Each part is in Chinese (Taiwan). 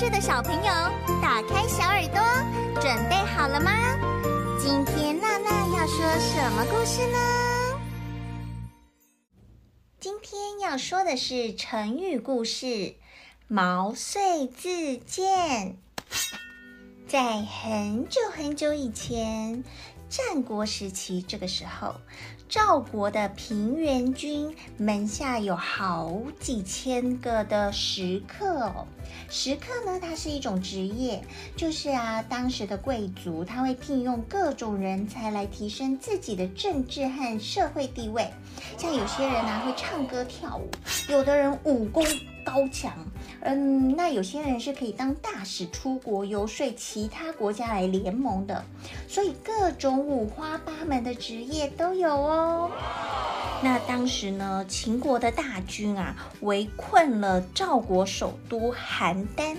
是的小朋友，打開小耳朵，準備好了嗎？今天娜娜要說什麼故事呢？今天要說的是成語故事“毛遂自薦”。在很久很久以前。戰國時期，這個時候，趙國的平原君門下有好幾千個的食客哦。食客呢，它是一種職業，就是啊，當時的貴族他會聘用各種人才來提升自己的政治和社會地位。像有些人呢，啊，會唱歌跳舞，有的人武功高強。嗯，那有些人是可以當大使出國遊說其他國家來聯盟的，所以各種五花八門的職業都有哦。那當時呢，秦國的大軍啊圍困了趙國首都邯鄲，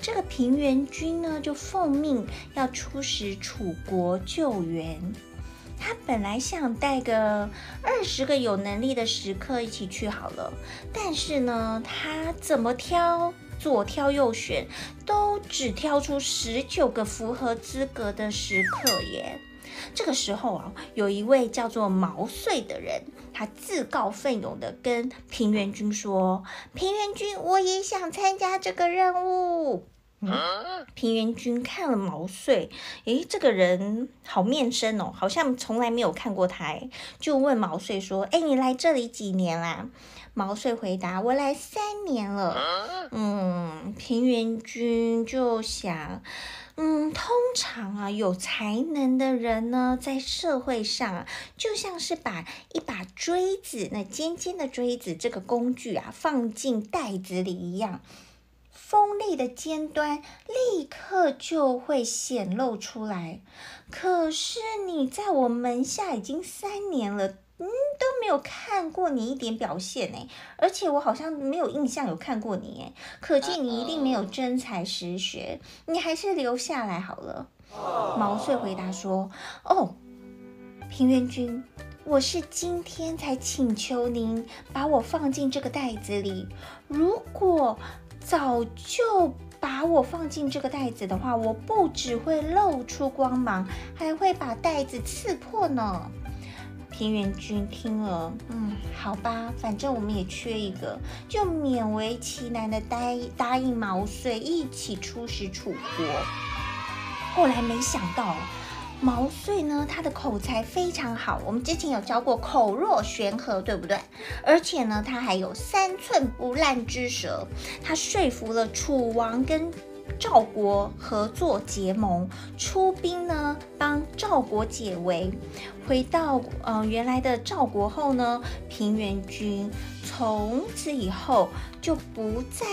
這個平原君呢就奉命要出使楚國救援。他本來想帶個二十個有能力的食客一起去好了，但是呢，他怎麼挑，左挑右選，都只挑出十九個符合資格的食客耶。這個時候啊，有一位叫做毛遂的人，他自告奮勇的跟平原君說：“平原君，我也想參加這個任務。”嗯、平原君看了毛遂，哎，這個人好面生哦，好像從來沒有看過他誒。就問毛遂說：“誒，你來這裡幾年啦？”毛遂回答：“我來三年了。”嗯，平原君就想：“嗯，通常啊，有才能的人呢，在社會上啊，就像是把一把錐子，那尖尖的錐子這個工具啊，放進袋子裡一樣。”鋒利的尖端立刻就會顯露出來。可是你在我門下已經三年了，嗯，都沒有看過你一點表現呢。而且我好像沒有印象有看過你，哎，可見你一定沒有真才實學。你還是留下來好了。哦、毛遂回答說：“哦。”平原君，我是今天才請求您把我放進這個袋子裡。如果早就把我放進這個袋子的話，我不只會露出光芒，還會把袋子刺破呢。平原君聽了，嗯，好吧，反正我們也缺一個，就勉為其難的答答應毛遂一起出使楚國。後來沒想到。毛遂呢，他的口才非常好，我們之前有教過口若懸河，對不對？而且呢，他還有三寸不爛之舌，他說服了楚王跟。趙國合作結盟，出兵呢幫趙國解圍。回到嗯、呃、原來的趙國後呢，平原君從此以後就不再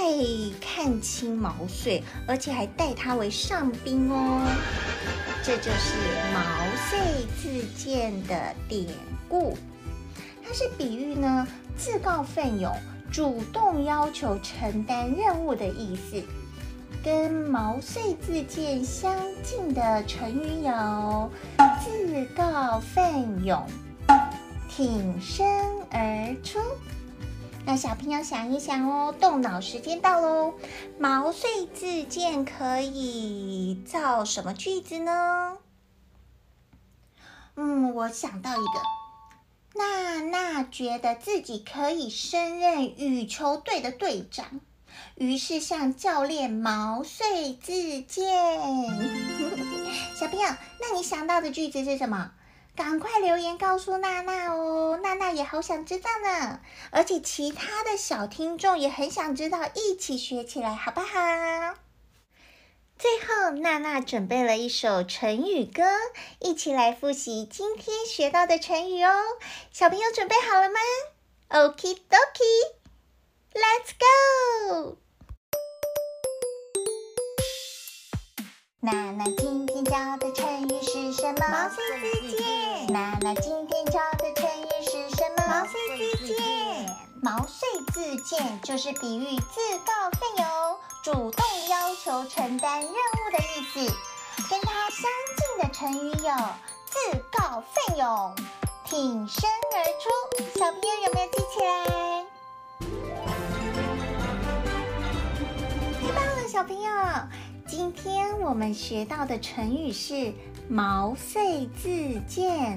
看輕毛遂，而且還待他為上賓哦。這就是毛遂自薦的典故，它是比喻呢自告奮勇、主動要求承擔任務的意思。跟毛遂自薦相近的成語有自告奮勇、挺身而出。那小朋友想一想哦，動腦時間到咯，毛遂自薦可以造什麼句子呢？嗯，我想到一個，娜娜覺得自己可以勝任羽球隊的隊長。於是向教練毛遂自薦。小朋友，那你想到的句子是什麼？趕快留言告訴娜娜哦，娜娜也好想知道呢。而且其他的小聽眾也很想知道，一起學起來好不好？最後，娜娜準備了一首成語歌，一起來複習今天學到的成語哦。小朋友準備好了嗎？OK，Doki，Let's go。娜娜今天教的成語是什麼？毛遂自薦。娜娜今天教的成語是什麼？毛遂自薦。毛遂自薦就是比喻自告奮勇、主動要求承擔任務的意思。跟它相近的成語有自告奮勇、挺身而出。小朋友有沒有記起來？太棒了，小朋友。今天我們學到的成語是毛遂自薦。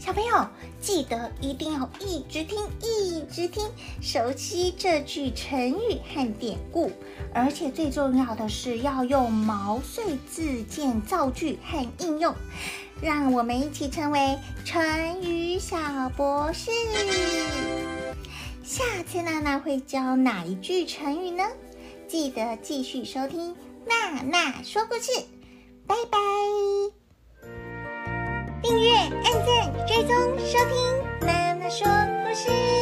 小朋友記得一定要一直聽，一直聽，熟悉這句成語和典故。而且最重要的是要用毛遂自薦造句和應用。讓我們一起成為成語小博士。下次娜娜會教哪一句成語呢？記得繼續收聽。娜娜說故事，拜拜！訂閱、按讚、追蹤、收聽，娜娜說故事。